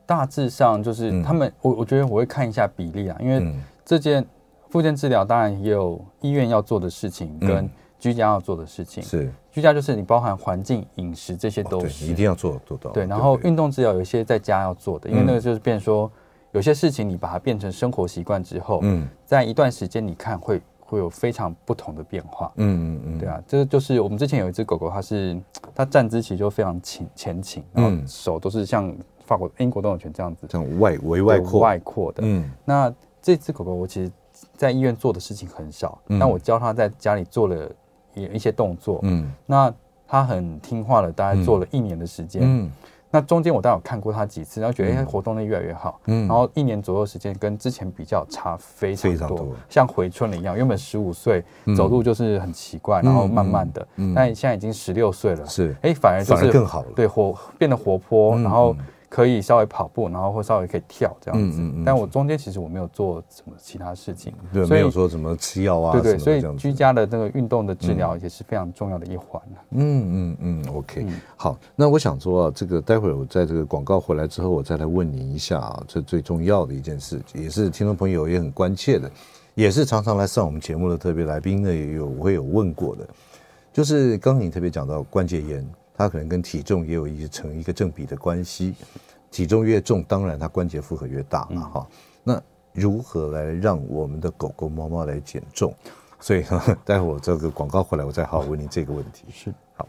大致上就是他們，嗯、我我覺得我會看一下比例啊，因為這件復健治療當然也有醫院要做的事情，跟居家要做的事情、嗯、是居家就是你包含環境、飲食這些都是、哦、對你一定要做做到，對，然後運動治療有一些在家要做的，嗯、因為那個就是變成說。有些事情你把它變成生活習慣之後，嗯，在一段時間你看會會有非常不同的變化，嗯嗯嗯，嗯對啊，這就是我們之前有一隻狗狗，它是它站姿其實就非常前前傾，然後手都是像法國英國鬥牛犬這樣子，這種外圍外擴外擴的。嗯，那這隻狗狗我其實在醫院做的事情很少，嗯、但我教它在家裡做了一些動作，嗯，那它很聽話了，大概做了一年的時間、嗯，嗯。那中間我當然有看過他幾次，然後覺得活動力越來越好。嗯、然後一年左右的時間跟之前比較差非常多，常多像回春了一樣。原本十五歲走路就是很奇怪，嗯、然後慢慢的，嗯、但現在已經十六歲了，是哎、嗯欸、反而就是反而更好了，對活變得活潑，然後。嗯嗯可以稍微跑步，然後或稍微可以跳這樣子，嗯嗯嗯，但我中間其實我沒有做什麼其他事情，對，以沒有說什麼吃藥啊，對對，所以居家的這個運動的治療也是非常重要的一環，嗯嗯嗯，OK，嗯好，那我想說啊，這個待會我在這個廣告回來之後，我再來問你一下啊，這最重要的一件事，也是聽眾朋友也很關切的，也是常常來上我們節目的特別來賓呢，也有我會有問過的，就是剛剛你特別講到關節炎。它可能跟體重也有一成一個正比的關係，體重越重，當然它關節負荷越大哈。那如何來讓我們的狗狗、貓貓來減重？所以待會兒我做這個廣告回來，我再好好問你這個問題。是好，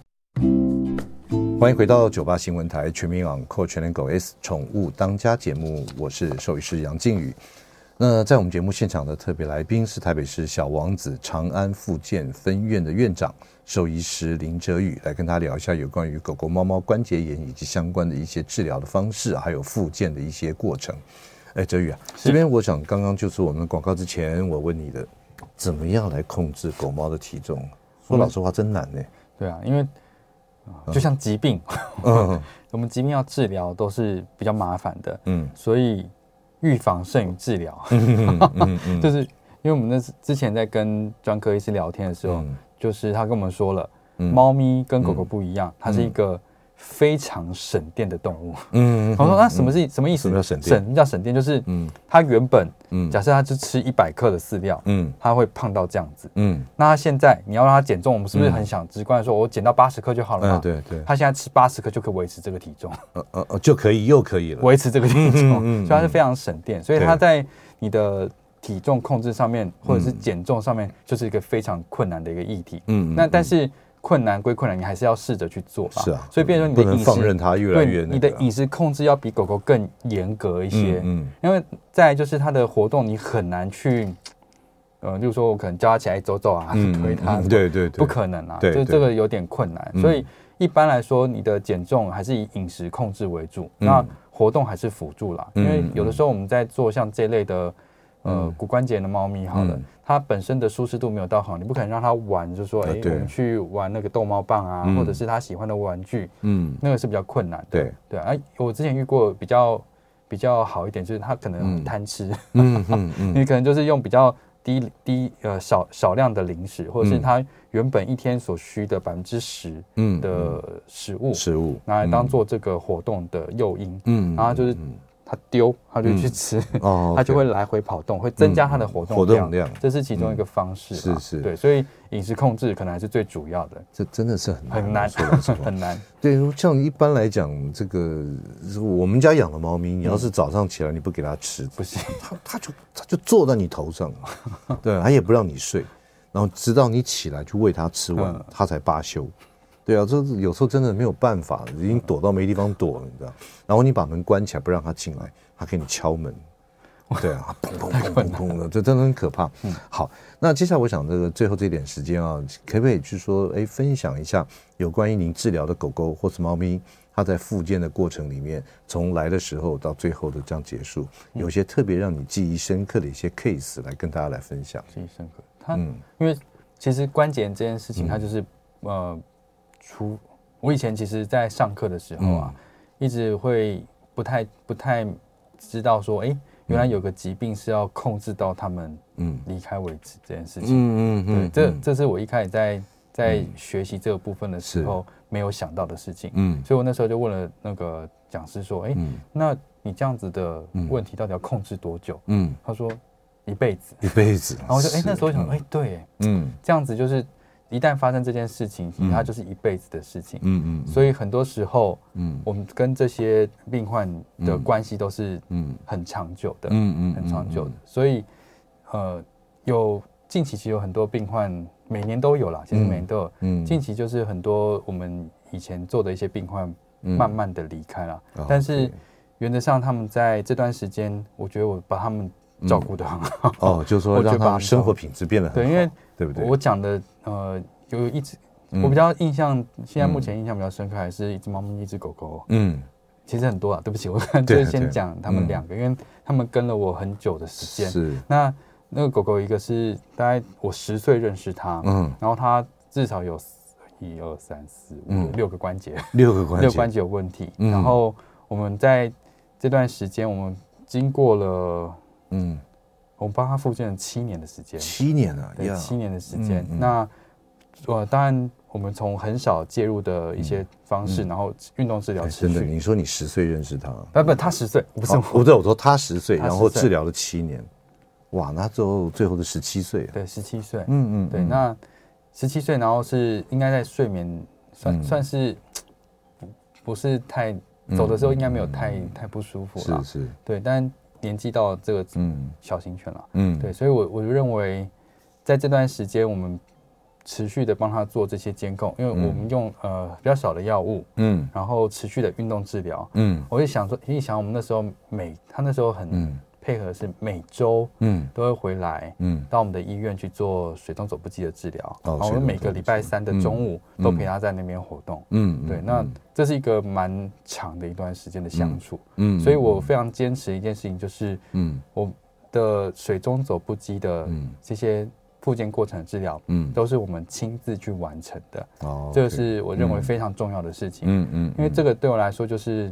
歡迎回到九八新聞台全民網 call 全聯狗 S 寵物當家節目，我是獸醫師楊靜宇。那在我們節目現場的特別來賓是台北市小王子長安復健分院的院長，獸醫師林哲宇來跟他聊一下有關於狗狗、貓貓關節炎以及相關的一些治療的方式，還有復健的一些過程。哎、欸，哲宇啊，這邊我想剛剛就是我們廣告之前我問你的，是怎麼樣來控制狗貓的體重？ 說老實話，真難呢、欸。對啊，因為就像疾病，嗯、 我們疾病要治療都是比較麻煩的，嗯，所以預防勝於治療。 就是因為我們那之前在跟專科醫師聊天的時候。嗯就是他跟我們說了，貓咪跟狗狗不一樣，它是一個非常省電的動物。嗯，我說那什麼是什麼意思？什麼叫省電？省叫省電就是，嗯，它原本，假設它只吃一百克的飼料，嗯，它會胖到這樣子，嗯，那它現在你要讓它減重，我們是不是很想直觀的說，我減到八十克就好了嘛？嗯，對對。它現在吃八十克就可以維持這個體重。呃呃就可以又可以了，維持這個體重，所以它是非常省電，所以它在你的。體重控制上面，或者是減重上面，就是一個非常困難的一個議題。嗯、嗯，那但是困難歸困難，你還是要試着去做。吧。是啊，所以變成你的飲食，對、嗯嗯、你的飲食控制要比狗狗更嚴格一些。嗯、嗯，因為再來就是它的活動，你很難去，呃，就是說我可能叫它起來走走啊，還是推它，嗯嗯嗯、對對、對，對對對，不可能啊，就這個有點困難。所以一般來說，你的減重還是以飲食控制為主，那、嗯嗯嗯、活動還是輔助啦。因為有的時候我們在做像這一類的。呃，骨關節的貓咪好了，它本身的舒適度沒有到好，你不可能讓它玩，就是說，哎，我們去玩那個逗貓棒啊，或者是它喜歡的玩具，嗯，那個是比較困難的。對對啊，我之前遇過比較比較好一點，就是它可能貪吃，嗯嗯嗯，你可能就是用比較低低呃少少量的零食，或者是它原本一天所需的百分之十嗯的食物食物拿來當做這個活動的誘因，嗯，然後就是。它丟，它就去吃，它就會來回跑動，會增加它的活動量，這是其中一個方式。是是，對，所以飲食控制可能還是最主要的。這真的是很很難很難。對，像一般來講，這個我們家養的貓咪，你要是早上起來你不給它吃，不行，它它就它就坐在你頭上，對，它也不讓你睡，然後直到你起來去餵它吃完，它才罷休。對啊，這有時候真的沒有辦法，已經躲到沒地方躲了，你知道。然後你把門關起來不讓他進來，他給你敲門，哇對啊，砰砰砰砰砰砰的，這真的很可怕。嗯、好，那接下來我想這個最後這一點時間啊，可不可以去說，哎，分享一下有關於您治療的狗狗或是貓咪，它在復健的過程裡面，從來的時候到最後的這樣結束，有些特別讓你記憶深刻的一些 case 來跟大家來分享。記憶深刻，它、嗯、因為其實關節這件事情，它就是、嗯、呃。出我以前其實，在上課的時候啊，一直會不太不太知道說，哎，原來有個疾病是要控制到他們嗯離開為止這件事情。嗯嗯對，這這是我一開始在在學習這個部分的時候沒有想到的事情。嗯，所以我那時候就問了那個講師說，哎，那你這樣子的問題到底要控制多久？嗯，他說一輩子，一輩子。然後我就哎那時候想，哎，對，嗯，這樣子就是。一旦發生這件事情，它就是一輩子的事情。嗯嗯，嗯嗯，所以很多時候，嗯，我們跟這些病患的關係都是，嗯很長久的，嗯嗯，嗯嗯嗯很長久的。所以，呃，有近期其實有很多病患，每年都有啦，其實每年都有。嗯，近期就是很多我們以前做的一些病患，慢慢的離開了。嗯、但是原則上，他們在這段時間，我覺得我把他們照顧得很好，嗯。哦，就是說，讓他生活品質變得很好。 我把對，因為對不對？我講的呃，有一只，嗯、我比較印象，現在目前印象比較深刻，還是一只貓咪，一只狗狗。嗯，其實很多啊，對不起，我剛剛就是先講他們兩個，對對對嗯、因為他們跟了我很久的時間。是。那那個狗狗，一個是大概我十歲認識它，嗯，然後它至少有一二三四五、嗯、六個關節，六個關節，六個關節有問題。嗯、然後我們在這段時間，我們經過了，嗯。我們幫他復健了七年的時間，七年啊，對，七年的時間。那我當然，我們從很少介入的一些方式，然後運動治療。真的，你說你十歲認識他？不不，他十歲，不是我，不對，我說他十歲，然後治療了七年。哇，那最後最後的十七歲，對，十七歲，嗯嗯，對，那十七歲，然後是應該在睡眠算算是不是太走的時候，應該沒有太太不舒服了，是是，對，但。年紀到這個小型犬了，嗯，嗯，對，所以我，我我就認為，在這段時間，我們持續的幫他做這些監控，因為我們用、嗯、呃比較少的藥物，嗯，然後持續的運動治療，嗯，我就想說，一，一想我們那時候每他那時候很。嗯配合是每周嗯，都會回來嗯，嗯到我們的醫院去做水中走步機的治療，我們每個禮拜三的中午都陪他在那邊活動，嗯，嗯，嗯對，嗯那這是一個蠻長的一段時間的相處，嗯，嗯，嗯所以我非常堅持一件事情就是，嗯我的水中走步機的這些復健過程的治療，嗯都是我們親自去完成的，哦、嗯、這是我認為非常重要的事情，嗯嗯，嗯因為這個對我來說就是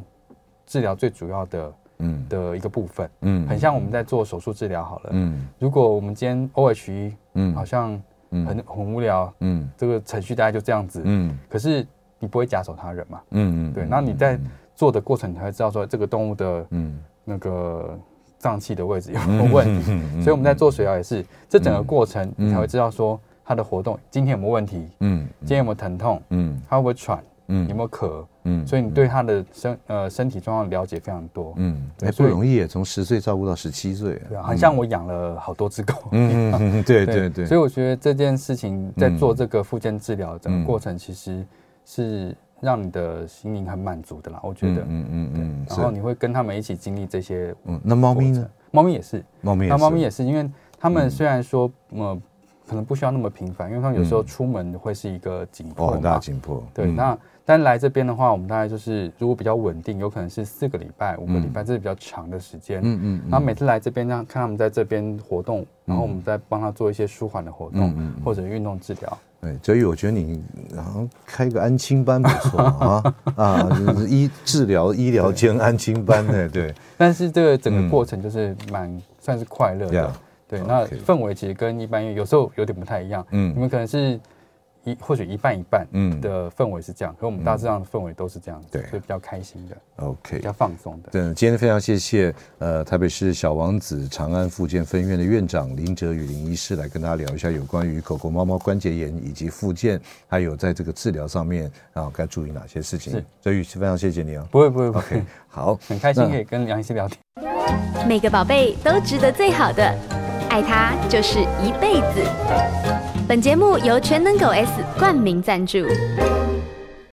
治療最主要的。嗯的一個部分，嗯，很像我們在做手術治療好了，嗯，如果我們今天 OHE，嗯，好像很很無聊，嗯，這個程序大概就這樣子，嗯，可是你不會假手他人嘛，嗯嗯，嗯對，那你在做的過程，你才會知道說這個動物的，嗯，那個臟器的位置有什麼問題，嗯嗯，所以我們在做水療也是，這整個過程你才會知道說它的活動今天有沒有問題，嗯，今天有沒有疼痛，嗯，它、嗯，會不會喘。嗯，有沒有渴？嗯，所以你對他的身呃身體狀況了解非常多。嗯，哎，不容易，從十歲照顧到十七歲，對，很像我養了好多隻狗。嗯嗯對對對。所以我覺得這件事情在做這個復健治療整個過程，其實是讓你的心靈很滿足的啦。我覺得，嗯嗯嗯。然後你會跟他們一起經歷這些。嗯，那貓咪呢？貓咪也是，貓咪那貓咪也是，因為他們雖然說呃可能不需要那麼頻繁，因為他們有時候出門會是一個緊迫嘛，很大緊迫。對，那但來這邊的話，我們大概就是如果比較穩定，有可能是四個禮拜、五個禮拜，這、嗯、是比較長的時間、嗯。嗯嗯。然後每次來這邊讓看他們在這邊活動，然後我們再幫他做一些舒緩的活動，嗯嗯嗯、或者運動治療。哎，哲宇，我覺得你好像開個安親班不錯啊 啊！就是、醫治療醫療兼安親班的對。對但是這個整個過程就是蠻算是快樂的，對。那氛圍其實跟一般有時候有點不太一樣。嗯。你們可能是。一或許一半一半，嗯的氛圍是這樣，可我們大致上的氛圍都是這樣，對，所以比較開心的，OK，< 對 S 2> 比較放鬆的。Okay 對，今天非常謝謝，呃，特別是小王子長安復健分院的院長林哲宇林醫師來跟大家聊一下有關於狗狗、貓貓關節炎以及復健，還有在這個治療上面，然後該注意哪些事情。是 所以非常謝謝你啊、哦，不會不會不會，Okay 好，很開心可以跟楊醫師聊天。那 每個寶貝都值得最好的，愛他就是一輩子。本節目由全能狗 S 冠名贊助。